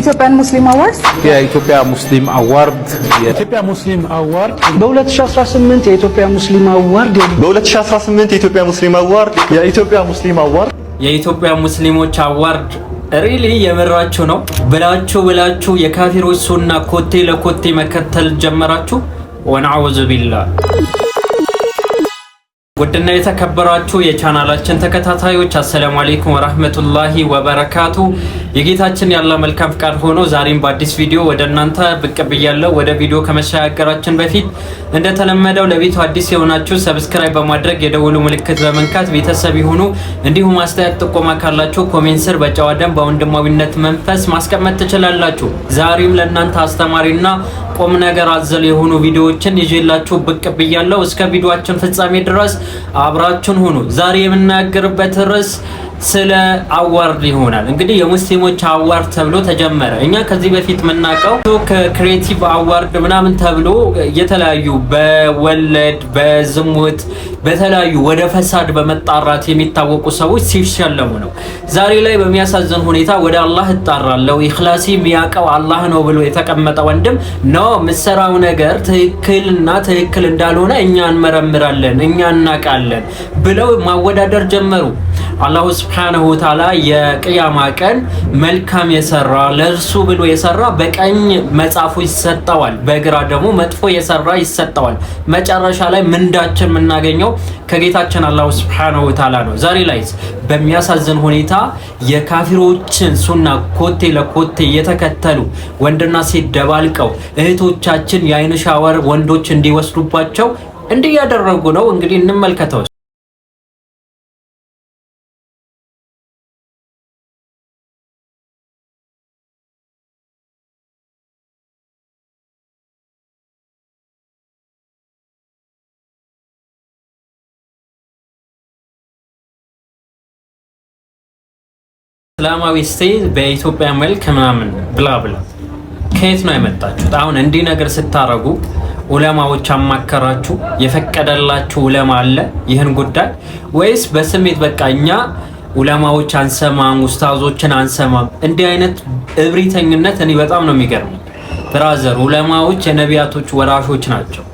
ኢትዮጵያን ሙስሊም አዋርድ የኢትዮጵያ ሙስሊም አዋርድ የኢትዮጵያ ሙስሊም አዋርድ በ2018 የኢትዮጵያ ሙስሊም አዋርድ በ2018 የኢትዮጵያ ሙስሊም አዋርድ የኢትዮጵያ ሙስሊም አዋርድ የኢትዮጵያ ሙስሊሞች አዋርድ ሪሊ የመራችሁ ነው ብላችሁ ብላችሁ የካፊሮች ሱና ኮቴ ለኮቴ መከተል ጀመራችሁ ወነአውዙ ቢላህ ውድና የተከበራችሁ የቻናላችን ተከታታዮች አሰላሙ አለይኩም ወራህመቱላሂ ወበረካቱ። የጌታችን ያለ መልካም ፍቃድ ሆኖ ዛሬም በአዲስ ቪዲዮ ወደ እናንተ ብቅ ብያለሁ። ወደ ቪዲዮ ከመሸጋገራችን በፊት እንደተለመደው ለቤቱ አዲስ የሆናችሁ ሰብስክራይብ በማድረግ የደውሉ ምልክት በመንካት ቤተሰብ ይሁኑ። እንዲሁም አስተያየት ጥቆማ ካላችሁ ኮሜንት ስር በጨዋ ደንብ በወንድማዊነት መንፈስ ማስቀመጥ ትችላላችሁ። ዛሬም ለእናንተ አስተማሪና ቁም ነገር አዘል የሆኑ ቪዲዮዎችን ይዤላችሁ ብቅ ብያለሁ። እስከ ቪዲዮአችን ፍጻሜ ድረስ አብራችን ሁኑ። ዛሬ የምናገርበት ርዕስ ስለ አዋርድ ይሆናል። እንግዲህ የሙስሊሞች አዋርድ ተብሎ ተጀመረ። እኛ ከዚህ በፊት የምናውቀው ከክሬቲቭ አዋርድ ምናምን ተብሎ የተለያዩ በወለድ በዝሙት በተለያዩ ወደ ፈሳድ በመጣራት የሚታወቁ ሰዎች ሲሸለሙ ነው። ዛሬ ላይ በሚያሳዝን ሁኔታ ወደ አላህ እጣራለሁ ኢኽላሲ የሚያውቀው አላህ ነው ብሎ የተቀመጠ ወንድም ኖ የምትሰራው ነገር ትክክልና ትክክል እንዳልሆነ እኛ እንመረምራለን እኛ እናውቃለን ብለው ማወዳደር ጀመሩ አላሁ ሱብሓነሁ ወተዓላ የቅያማ ቀን መልካም የሰራ ለእርሱ ብሎ የሰራ በቀኝ መጽሐፉ ይሰጠዋል፣ በግራ ደግሞ መጥፎ የሰራ ይሰጠዋል። መጨረሻ ላይ ምንዳችን የምናገኘው ከጌታችን አላሁ ሱብሓነሁ ወተዓላ ነው። ዛሬ ላይ በሚያሳዝን ሁኔታ የካፊሮችን ሱና ኮቴ ለኮቴ እየተከተሉ ወንድና ሴት ደባልቀው እህቶቻችን የአይን ሻወር ወንዶች እንዲወስዱባቸው እንዲያደረጉ ያደረጉ ነው። እንግዲህ እንመልከተው። እስላማዊ ስቴት በኢትዮጵያ መልክ ምናምን ብላ ብላ ከየት ነው የመጣችሁት? አሁን እንዲህ ነገር ስታረጉ ኡለማዎች አማከራችሁ? የፈቀደላችሁ ዑለማ አለ ይህን ጉዳይ ወይስ በስሜት በቃ እኛ ዑለማዎች አንሰማም፣ ውስታዞችን አንሰማም? እንዲህ አይነት እብሪተኝነት እኔ በጣም ነው የሚገርመው። ብራዘር ዑለማዎች የነቢያቶች ወራሾች ናቸው።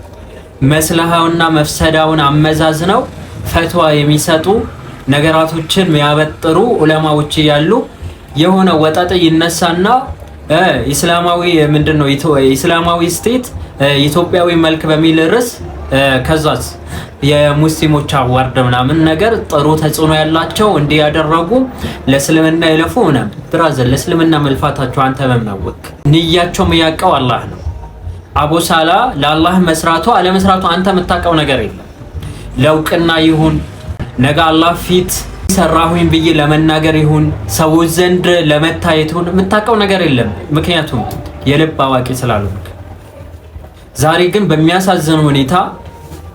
መስለሃውና መፍሰዳውን አመዛዝነው ፈትዋ የሚሰጡ ነገራቶችን የሚያበጥሩ ዑለማዎች ያሉ የሆነ ወጠጥ ይነሳና ኢስላማዊ ምንድን ነው ኢስላማዊ ስቴት ኢትዮጵያዊ መልክ በሚል ርዕስ ከዛስ የሙስሊሞች አዋርድ ምናምን ነገር ጥሩ ተጽዕኖ ያላቸው እንዲህ ያደረጉ ለእስልምና የለፉ ሆነ ብራዘር፣ ለእስልምና መልፋታቸው አንተ መመወቅ ንያቸው የሚያውቀው አላህ ነው። አቡ ሳላ ለአላህ መስራቱ አለመስራቱ አንተ የምታውቀው ነገር የለም። ለእውቅና ይሁን ነገ አላህ ፊት ሰራሁኝ ብዬ ለመናገር ይሁን ሰዎች ዘንድ ለመታየት ይሁን የምታውቀው ነገር የለም። ምክንያቱም የልብ አዋቂ ስላልሆንክ። ዛሬ ግን በሚያሳዝን ሁኔታ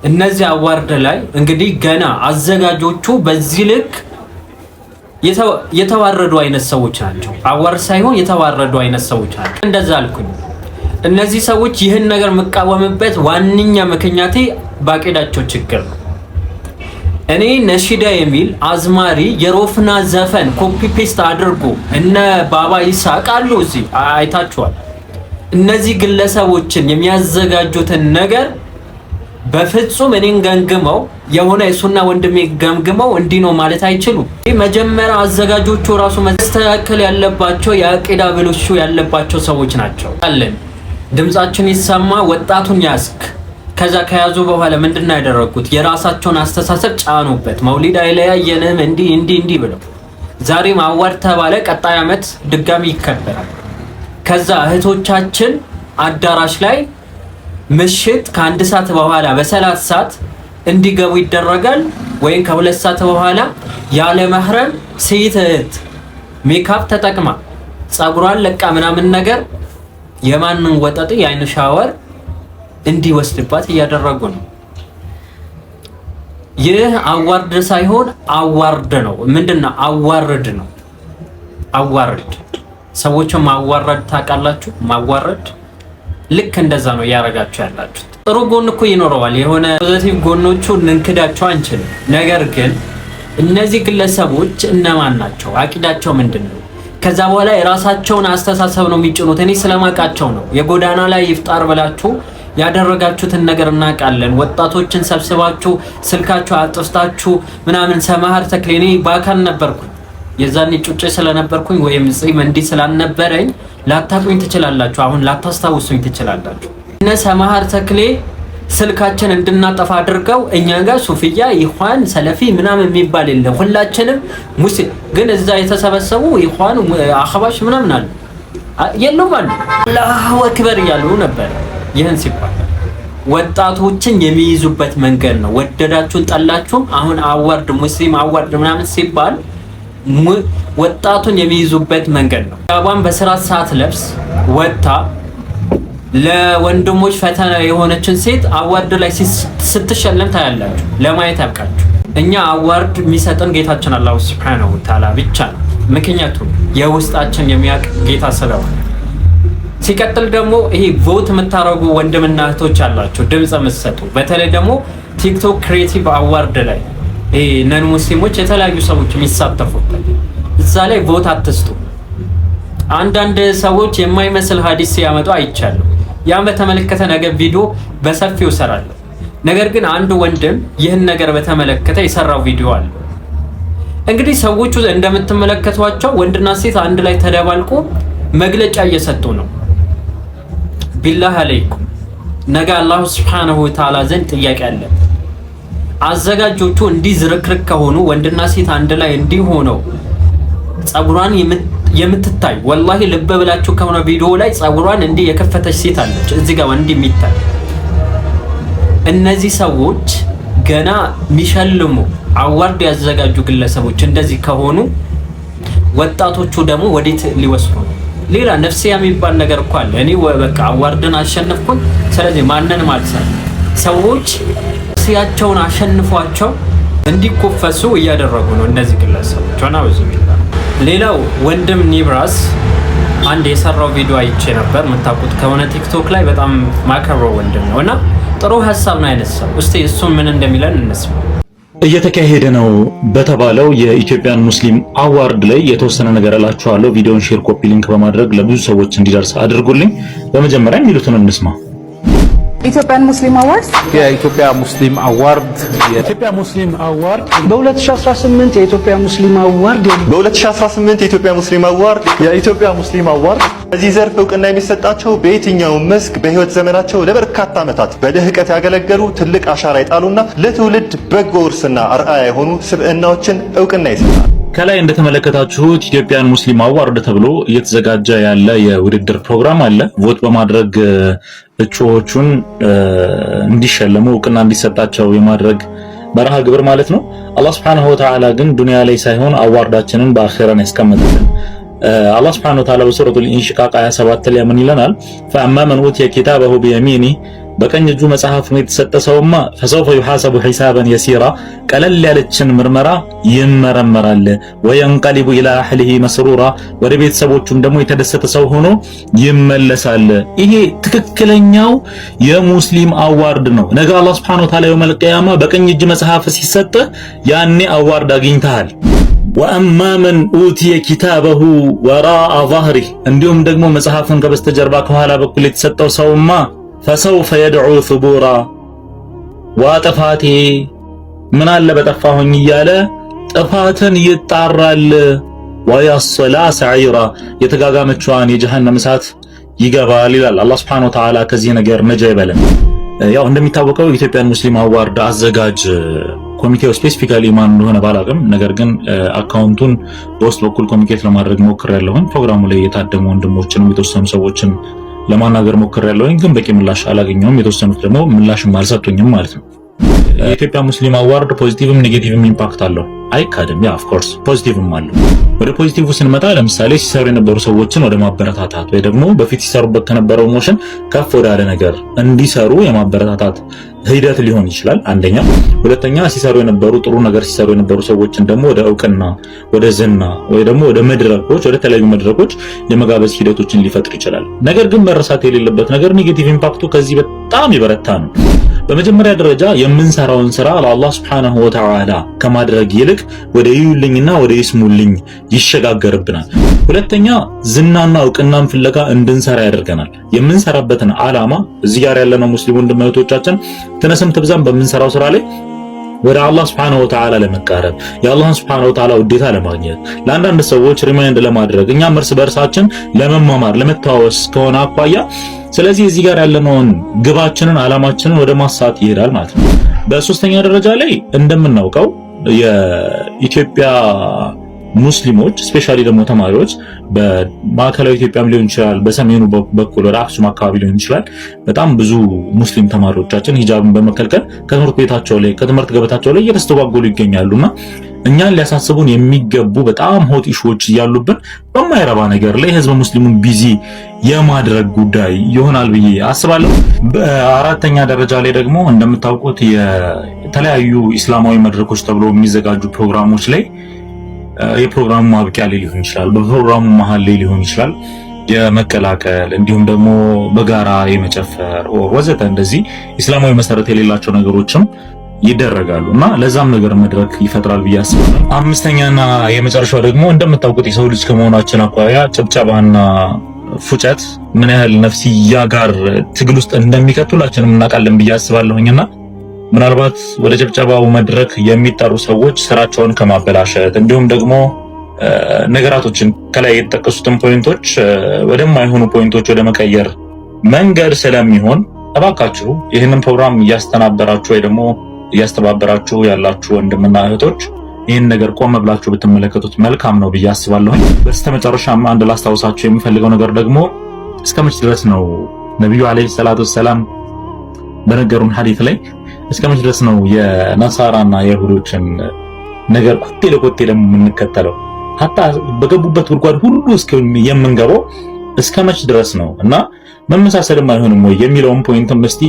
እነዚህ አዋርድ ላይ እንግዲህ ገና አዘጋጆቹ በዚህ ልክ የተዋረዱ አይነት ሰዎች ናቸው። አዋርድ ሳይሆን የተዋረዱ አይነት ሰዎች ናቸው። እንደዛ አልኩኝ። እነዚህ ሰዎች ይህን ነገር የምቃወምበት ዋነኛ ምክንያቴ ባቂዳቸው ችግር ነው። እኔ ነሺዳ የሚል አዝማሪ የሮፍና ዘፈን ኮፒ ፔስት አድርጎ እነ ባባ ይሳቅ አሉ እዚህ አይታችኋል። እነዚህ ግለሰቦችን የሚያዘጋጁትን ነገር በፍጹም እኔን ገምግመው የሆነ የሱና ወንድሜ ገምግመው እንዲህ ነው ማለት አይችሉም። መጀመሪያ አዘጋጆቹ ራሱ መስተካከል ያለባቸው የአቂዳ ብልሹ ያለባቸው ሰዎች ናቸው። አለን ድምጻችን ይሰማ፣ ወጣቱን ያስክ ከዛ ከያዙ በኋላ ምንድነው ያደረጉት? የራሳቸውን አስተሳሰብ ጫኑበት። መውሊድ አይለያየንም እንዲህ እንዲህ እንዲህ ብለው ዛሬም አዋድ ተባለ፣ ቀጣይ ዓመት ድጋሚ ይከበራል። ከዛ እህቶቻችን አዳራሽ ላይ ምሽት ከአንድ ሰዓት በኋላ በሰላት ሰዓት እንዲገቡ ይደረጋል። ወይም ከሁለት ሰዓት በኋላ ያለ መህረም ሴት እህት ሜካፕ ተጠቅማ ጸጉሯን ለቃ ምናምን ነገር የማንን ወጠጥ የአይን ሻወር እንዲወስድባት እያደረጉ ነው። ይህ አዋርድ ሳይሆን አዋርድ ነው። ምንድነው አዋርድ ነው። አዋርድ ሰዎችን ማዋረድ ታውቃላችሁ? ማዋረድ ልክ እንደዛ ነው እያደረጋችሁ ያላችሁ። ጥሩ ጎን እኮ ይኖረዋል። የሆነ ፖዘቲቭ ጎኖቹ ልንክዳቸው አንችልም። ነገር ግን እነዚህ ግለሰቦች እነማን ናቸው? አቂዳቸው ምንድን ነው? ከዛ በኋላ የራሳቸውን አስተሳሰብ ነው የሚጭኑት። እኔ ስለማውቃቸው ነው። የጎዳና ላይ ይፍጣር ብላችሁ ያደረጋችሁትን ነገር እናውቃለን። ወጣቶችን ሰብስባችሁ ስልካችሁ አጥፍታችሁ ምናምን ሰማሃር ተክሌ እኔ በአካል ነበርኩኝ። የዛኔ ጩጬ ስለነበርኩኝ ወይም ጺም እንዲህ ስላልነበረኝ ላታቁኝ ትችላላችሁ። አሁን ላታስታውሱኝ ትችላላችሁ። እነ ሰማሃር ተክሌ ስልካችን እንድናጠፋ አድርገው እኛ ጋር ሱፍያ ይኋን ሰለፊ ምናምን የሚባል የለም። ሁላችንም ሙስሊም ግን እዛ የተሰበሰቡ ይኋን አኸባሽ ምናምን አሉ የሉም አሉ አላሁ አክበር እያሉ ነበር። ይህን ሲባል ወጣቶችን የሚይዙበት መንገድ ነው። ወደዳችሁን ጠላችሁም አሁን አዋርድ ሙስሊም አዋርድ ምናምን ሲባል ወጣቱን የሚይዙበት መንገድ ነው። አባን በስራት ሰዓት ለብስ ወጥታ ለወንድሞች ፈተና የሆነችን ሴት አዋርድ ላይ ስትሸለም ታያላችሁ። ለማየት ያብቃችሁ። እኛ አዋርድ የሚሰጠን ጌታችን አላሁ ስብሐነሁ ተዓላ ብቻ ነው። ምክንያቱም የውስጣችን የሚያውቅ ጌታ ስለሆነ ሲቀጥል ደግሞ ይሄ ቮት የምታደርጉ ወንድምና እህቶች አላቸው ድምፅ የምትሰጡ በተለይ ደግሞ ቲክቶክ ክሬቲቭ አዋርድ ላይ ነን ሙስሊሞች የተለያዩ ሰዎች የሚሳተፉበት እዛ ላይ ቮት አትስጡ። አንዳንድ ሰዎች የማይመስል ሀዲስ ሲያመጡ አይቻለሁ። ያን በተመለከተ ነገር ቪዲዮ በሰፊው እሰራለሁ። ነገር ግን አንድ ወንድም ይህን ነገር በተመለከተ የሰራው ቪዲዮ አለ። እንግዲህ ሰዎቹ እንደምትመለከቷቸው ወንድና ሴት አንድ ላይ ተደባልቆ መግለጫ እየሰጡ ነው። ቢላህ አለይኩም ነገ አላሁ ስብሓነሁ ወተዓላ ዘንድ ጥያቄ አለ። አዘጋጆቹ እንዲህ ዝርክርክ ከሆኑ ወንድና ሴት አንድ ላይ እንዲህ ሆነው ጸጉሯን የምትታይ ወላሂ ልብ ብላችሁ ከሆነ ቪዲዮ ላይ ጸጉሯን እንዲህ የከፈተች ሴት አለች እዚህ ጋር እንዲህ የሚታይ እነዚህ ሰዎች ገና የሚሸልሙ አዋርድ ያዘጋጁ ግለሰቦች እንደዚህ ከሆኑ ወጣቶቹ ደግሞ ወዴት ሊወስኑ ሌላ ነፍስያ የሚባል ነገር እኮ አለ። እኔ በቃ አዋርደን አሸንፍኩኝ። ስለዚህ ማንንም አልሰራ ሰዎች ነፍስያቸውን አሸንፏቸው እንዲኮፈሱ እያደረጉ ነው እነዚህ ግለሰቦች ሆና ብዙ ሌላው ወንድም ኒብራስ አንድ የሰራው ቪዲዮ አይቼ ነበር። የምታውቁት ከሆነ ቲክቶክ ላይ በጣም ማከብረው ወንድም ነው እና ጥሩ ሀሳብ ነው አይነት ሰው። እስቲ እሱም ምን እንደሚለን እንስማ። እየተካሄደ ነው በተባለው የኢትዮጵያን ሙስሊም አዋርድ ላይ የተወሰነ ነገር እላችኋለሁ። ቪዲዮውን ሼር፣ ኮፒ ሊንክ በማድረግ ለብዙ ሰዎች እንዲደርስ አድርጉልኝ። በመጀመሪያ የሚሉትን እንስማ። ኢትዮጵያን ሙስሊም አዋርድ የኢትዮጵያ ሙስሊም አዋርድ የኢትዮጵያ ሙስሊም አዋርድ በ2018 የኢትዮጵያ ሙስሊም አዋርድ በ2018 የኢትዮጵያ ሙስሊም አዋርድ የኢትዮጵያ ሙስሊም አዋርድ በዚህ ዘርፍ እውቅና የሚሰጣቸው በየትኛው መስክ በህይወት ዘመናቸው ለበርካታ ዓመታት በልህቀት ያገለገሉ ትልቅ አሻራ የጣሉና ለትውልድ በጎ ውርስና አርአያ የሆኑ ስብዕናዎችን እውቅና ይሰጣል። ከላይ እንደተመለከታችሁት ኢትዮጵያን ሙስሊም አዋርድ ተብሎ እየተዘጋጀ ያለ የውድድር ፕሮግራም አለ። ቮት በማድረግ እጩዎቹን እንዲሸለሙ እውቅና እንዲሰጣቸው የማድረግ መርሃ ግብር ማለት ነው። አላህ ስብሐነሁ ወተዓላ ግን ዱንያ ላይ ሳይሆን አዋርዳችንን በአኼራን ያስቀመጠልን አላህ ስብሐነሁ ወተዓላ በሱረቱል ኢንሺቃቅ 27 ላይ ምን ይለናል? ፈአማ መን ኡቲየ ኪታበሁ ቢየሚኒህ በቀኝ እጁ መጽሐፍ የተሰጠ ሰውማ ፈሰውፈ ዩሐሰቡ ሒሳበን የሲራ ቀለል ያለችን ምርመራ ይመረመራል። ወየንቀሊቡ ኢላ አህሊሂ መስሩራ ወደ ቤተሰቦቹም ደግሞ የተደሰተ ሰው ሆኖ ይመለሳል። ይሄ ትክክለኛው የሙስሊም አዋርድ ነው። ነገ አላህ ሱብሓነሁ ወተዓላ የውመል ቂያማ በቀኝ እጅ መጽሐፍ ሲሰጥ ያኔ አዋርድ አግኝተሃል። ወአማ መን ኡትየ ኪታበሁ ወራአ ዛህሪህ እንዲሁም ደግሞ መጽሐፍን ከበስተጀርባ ከኋላ በኩል የተሰጠው ሰውማ ፈሰውፈ የድዑ ሱቡራ ዋጥፋቴ ምን አለ በጠፋሁኝ እያለ ጥፋትን ይጣራል። ወያስላ ሰዒራ የተጋጋመችዋን የጀሃነም እሳት ይገባል ይላል። አላህ ሱብሓነሁ ወተዓላ ከዚህ ነገር ነጃ ይበለን። ያው እንደሚታወቀው ኢትዮጵያን ሙስሊም አዋርድ አዘጋጅ ኮሚቴው ስፔሲፊካሊ ማን እንደሆነ ባላቅም፣ ነገር ግን አካውንቱን በውስጥ በኩል ኮሚኒኬት ለማድረግ ሞክሬያለሁኝ። ፕሮግራሙ ላይ የታደሙ ወንድሞችንም የተወሰኑ ሰዎችን ለማናገር ሞክሬያለሁኝ፣ ግን በቂ ምላሽ አላገኘሁም። የተወሰኑት ደግሞ ምላሽም አልሰጡኝም ማለት ነው። የኢትዮጵያ ሙስሊም አዋርድ ፖዚቲቭም ኔጌቲቭም ኢምፓክት አለው አይካድም። ያ ኦፍኮርስ ፖዚቲቭም አለው። ወደ ፖዚቲቭ ስንመጣ ለምሳሌ ሲሰሩ የነበሩ ሰዎችን ወደ ማበረታታት ወይ ደግሞ በፊት ሲሰሩበት ከነበረው ሞሽን ከፍ ወዳለ ነገር እንዲሰሩ የማበረታታት ሂደት ሊሆን ይችላል። አንደኛ። ሁለተኛ ሲሰሩ የነበሩ ጥሩ ነገር ሲሰሩ የነበሩ ሰዎችን ደግሞ ወደ እውቅና፣ ወደ ዝና ወይ ደግሞ ወደ መድረኮች፣ ወደ ተለያዩ መድረኮች የመጋበዝ ሂደቶችን ሊፈጥር ይችላል። ነገር ግን መረሳት የሌለበት ነገር ኔጌቲቭ ኢምፓክቱ ከዚህ በጣም ይበረታ ነው። በመጀመሪያ ደረጃ የምንሰራውን ስራ ለአላህ ሱብሓነሁ ወተዓላ ከማድረግ ይልቅ ወደ ይዩልኝና ወደ ይስሙልኝ ይሸጋገርብናል። ሁለተኛ ዝናና እውቅናን ፍለጋ እንድንሰራ ያደርገናል። የምንሰራበትን ዓላማ እዚህ ጋር ያለነው ሙስሊም ወንድም እህቶቻችን ትነስም ትብዛም በምንሰራው ስራ ላይ ወደ አላህ Subhanahu Wa Ta'ala ለመቃረብ የአላህን Subhanahu Wa Ta'ala ውዴታ ለማግኘት ለአንዳንድ ሰዎች ሪማይንድ ለማድረግ እኛም እርስ በእርሳችን ለመማማር ለመተዋወስ ከሆነ አኳያ ስለዚህ እዚህ ጋር ያለነውን ግባችንን አላማችንን ወደ ማሳት ይሄዳል ማለት ነው። በሶስተኛ ደረጃ ላይ እንደምናውቀው የኢትዮጵያ ሙስሊሞች ስፔሻሊ ደግሞ ተማሪዎች በማዕከላዊ ኢትዮጵያም ሊሆን ይችላል፣ በሰሜኑ በኩል ወደ አክሱም አካባቢ ሊሆን ይችላል። በጣም ብዙ ሙስሊም ተማሪዎቻችን ሂጃብን በመከልከል ከትምህርት ቤታቸው ላይ ከትምህርት ገበታቸው ላይ እየተስተጓጎሉ ይገኛሉ እና እኛን ሊያሳስቡን የሚገቡ በጣም ሆት ኢሹዎች እያሉብን በማይረባ ነገር ላይ ህዝበ ሙስሊሙን ቢዚ የማድረግ ጉዳይ ይሆናል ብዬ አስባለሁ። በአራተኛ ደረጃ ላይ ደግሞ እንደምታውቁት የተለያዩ ኢስላማዊ መድረኮች ተብሎ የሚዘጋጁ ፕሮግራሞች ላይ የፕሮግራሙ ማብቂያ ላይ ሊሆን ይችላል፣ በፕሮግራሙ መሀል ላይ ሊሆን ይችላል። የመቀላቀል እንዲሁም ደግሞ በጋራ የመጨፈር ወዘተ እንደዚህ ኢስላማዊ መሰረት የሌላቸው ነገሮችም ይደረጋሉ እና ለዛም ነገር መድረክ ይፈጥራል ብዬ አስባለሁ። አምስተኛና የመጨረሻው ደግሞ እንደምታውቁት የሰው ልጅ ከመሆናችን አኳያ ጭብጨባና ፉጨት ምን ያህል ነፍስያ ጋር ትግል ውስጥ እንደሚከቱላችንም እናውቃለን ብዬ አስባለሁኝና ምናልባት ወደ ጭብጨባው መድረክ የሚጠሩ ሰዎች ስራቸውን ከማበላሸት እንዲሁም ደግሞ ነገራቶችን ከላይ የተጠቀሱትን ፖይንቶች ወደማይሆኑ ፖይንቶች ወደ መቀየር መንገድ ስለሚሆን እባካችሁ ይህንን ፕሮግራም እያስተናበራችሁ ወይ ደግሞ እያስተባበራችሁ ያላችሁ ወንድምና እህቶች ይህን ነገር ቆም ብላችሁ ብትመለከቱት መልካም ነው ብዬ አስባለሁኝ። በስተመጨረሻም አንድ ላስታውሳችሁ የምፈልገው ነገር ደግሞ እስከ መች ድረስ ነው ነቢዩ አለይሂ ሰላቱ ወሰላም በነገሩን ሀዲት ላይ እስከ መች ድረስ ነው የነሳራና የእሁዶችን ነገር ኮቴ ለኮቴ ደግሞ የምንከተለው? ሀታ በገቡበት ጉድጓድ ሁሉ የምንገባው እስከ መች ድረስ ነው? እና መመሳሰልም አይሆንም ወይ የሚለውን ፖይንትም እስቲ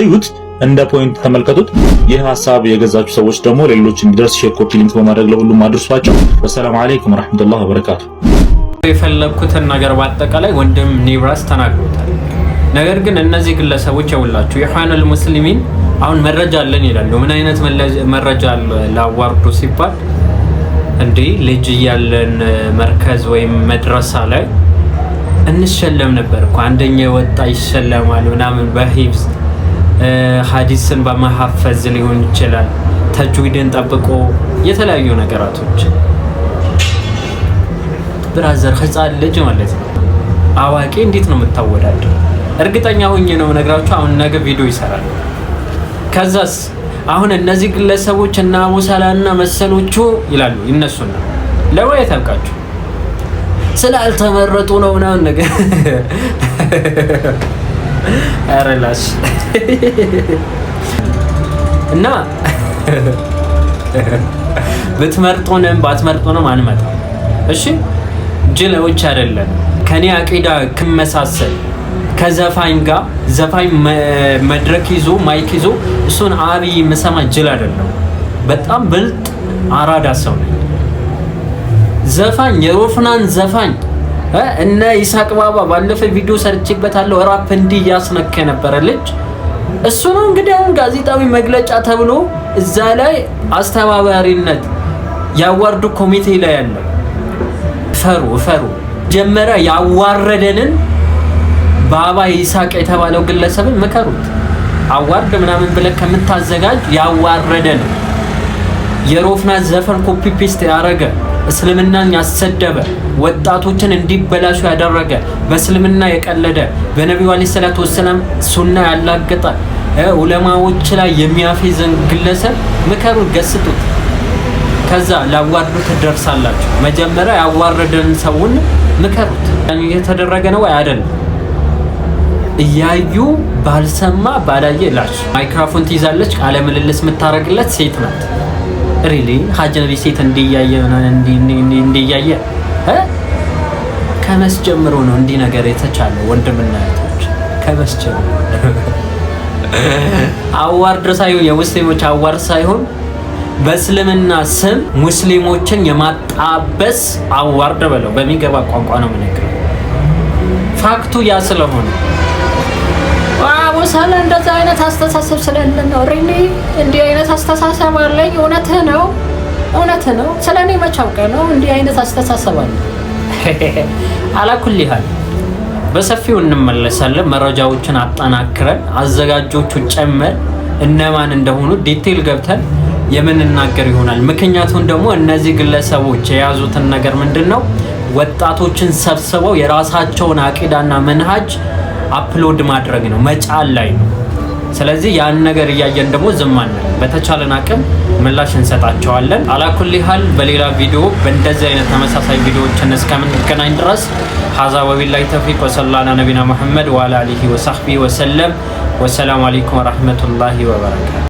እዩት፣ እንደ ፖይንት ተመልከቱት። ይህ ሀሳብ የገዛችሁ ሰዎች ደግሞ ሌሎች እንዲደርስ ሼር፣ ኮፒ ሊንክ በማድረግ ለሁሉም አድርሷቸው። ወሰላም አለይኩም ረህመቱላህ ወበረካቱ። የፈለግኩትን ነገር በአጠቃላይ ወንድም ኒብራስ ተናግሮታል። ነገር ግን እነዚህ ግለሰቦች የውላችሁ የኢኽዋኑል ሙስሊሚን አሁን መረጃ አለን ይላሉ። ምን አይነት መረጃ አለ ለአዋርዱ ሲባል እንዴ ልጅ እያለን መርከዝ ወይም መድረሳ ላይ እንሸለም ነበር እኮ አንደኛ ወጣ ይሸለማል ምናምን በሂብዝ ሀዲስን በመሀፈዝ ሊሆን ይችላል ተጅዊድን ጠብቆ የተለያዩ ነገራቶች ብራዘር ህፃን ልጅ ማለት ነው አዋቂ እንዴት ነው የምታወዳደር እርግጠኛ ሆኜ ነው ነግራችሁ አሁን ነገ ቪዲዮ ይሰራል ከዛስ አሁን እነዚህ ግለሰቦች እና አቡሰላ መሰሎቹ ይላሉ ይነሱና ለወያየት አብቃችሁ ስላልተመረጡ ነው ምናምን ነገር ላሽ እና ብትመርጡንም ባትመርጡንም አንመጣም። እሺ ጅለዎች አይደለም ከኔ አቂዳ ክመሳሰል ከዘፋኝ ጋር ዘፋኝ መድረክ ይዞ ማይክ ይዞ እሱን አብይ መሰማ ጅል አይደለም። በጣም ብልጥ አራዳ ሰው ነኝ። ዘፋኝ የሮፍናን ዘፋኝ እነ ይሳቅ ባባ ባለፈ ቪዲዮ ሰርቼበታለሁ። ራፕ እንዲህ እያስነካ የነበረ ልጅ እሱ ነው። እንግዲህ አሁን ጋዜጣዊ መግለጫ ተብሎ እዛ ላይ አስተባባሪነት ያዋርዱ ኮሚቴ ላይ ያለው ፈሩ ፈሩ ጀመረ ያዋረደንን ባባ ይስሐቅ የተባለው ግለሰብን ምከሩት። አዋርድ ምናምን ብለህ ከምታዘጋጅ ያዋረደ ነው። የሮፍና ዘፈን ኮፒ ፔስት ያረገ እስልምናን ያሰደበ ወጣቶችን እንዲበላሹ ያደረገ በእስልምና የቀለደ በነቢዩ አለይሂ ሰላቱ ወሰላም ሱና ያላገጠ ዑለማዎች ላይ የሚያፌዘን ግለሰብ ምከሩት፣ ገስጡት። ከዛ ላዋርዱ ትደርሳላችሁ። መጀመሪያ ያዋረደን ሰውን ምከሩት። የተደረገ ነው አይደለም እያዩ ባልሰማ ባላየ ላች ማይክራፎን ትይዛለች። ቃለ ምልልስ የምታደርግለት ሴት ናት። ሪሊ ሀጀነቢ ሴት እንዲያየ እንዲያየ ከመስ ጀምሮ ነው እንዲህ ነገር የተቻለ ወንድምና እህቶች ከመስ ጀምሮ አዋርድ ሳይሆን የሙስሊሞች አዋርድ ሳይሆን በእስልምና ስም ሙስሊሞችን የማጣበስ አዋርድ በለው በሚገባ ቋንቋ ነው ምንግር ፋክቱ ያ ስለሆነ ስለ እንደዛ አይነት አስተሳሰብ ስለምን እኔ እንዲህ አይነት አስተሳሰብ አለኝ? እውነት ነው እውነት ነው። ስለ እኔ መቻውቀ ነው እንዲህ አይነት አስተሳሰብ አለ? አላኩልሃል በሰፊው እንመለሳለን። መረጃዎችን አጠናክረን አዘጋጆቹ ጨምር እነማን እንደሆኑ ዲቴል ገብተን የምንናገር ይሆናል። ምክንያቱም ደግሞ እነዚህ ግለሰቦች የያዙትን ነገር ምንድን ነው ወጣቶችን ሰብስበው የራሳቸውን አቂዳና መንሃጅ አፕሎድ ማድረግ ነው፣ መጫን ላይ ነው። ስለዚህ ያን ነገር እያየን ደግሞ ዝም አለን። በተቻለን አቅም ምላሽ እንሰጣቸዋለን። አላኩልሃል በሌላ ቪዲዮ በእንደዚህ አይነት ተመሳሳይ ቪዲዮዎችን እስከምንገናኝ ድረስ ሀዛ ወቢላሂ ተውፊቅ ወሰላና ነቢና መሐመድ ወአላ አሊሂ ወሳህቢ ወሰለም። ወሰላሙ አለይኩም ወረህመቱላሂ ወበረካቱ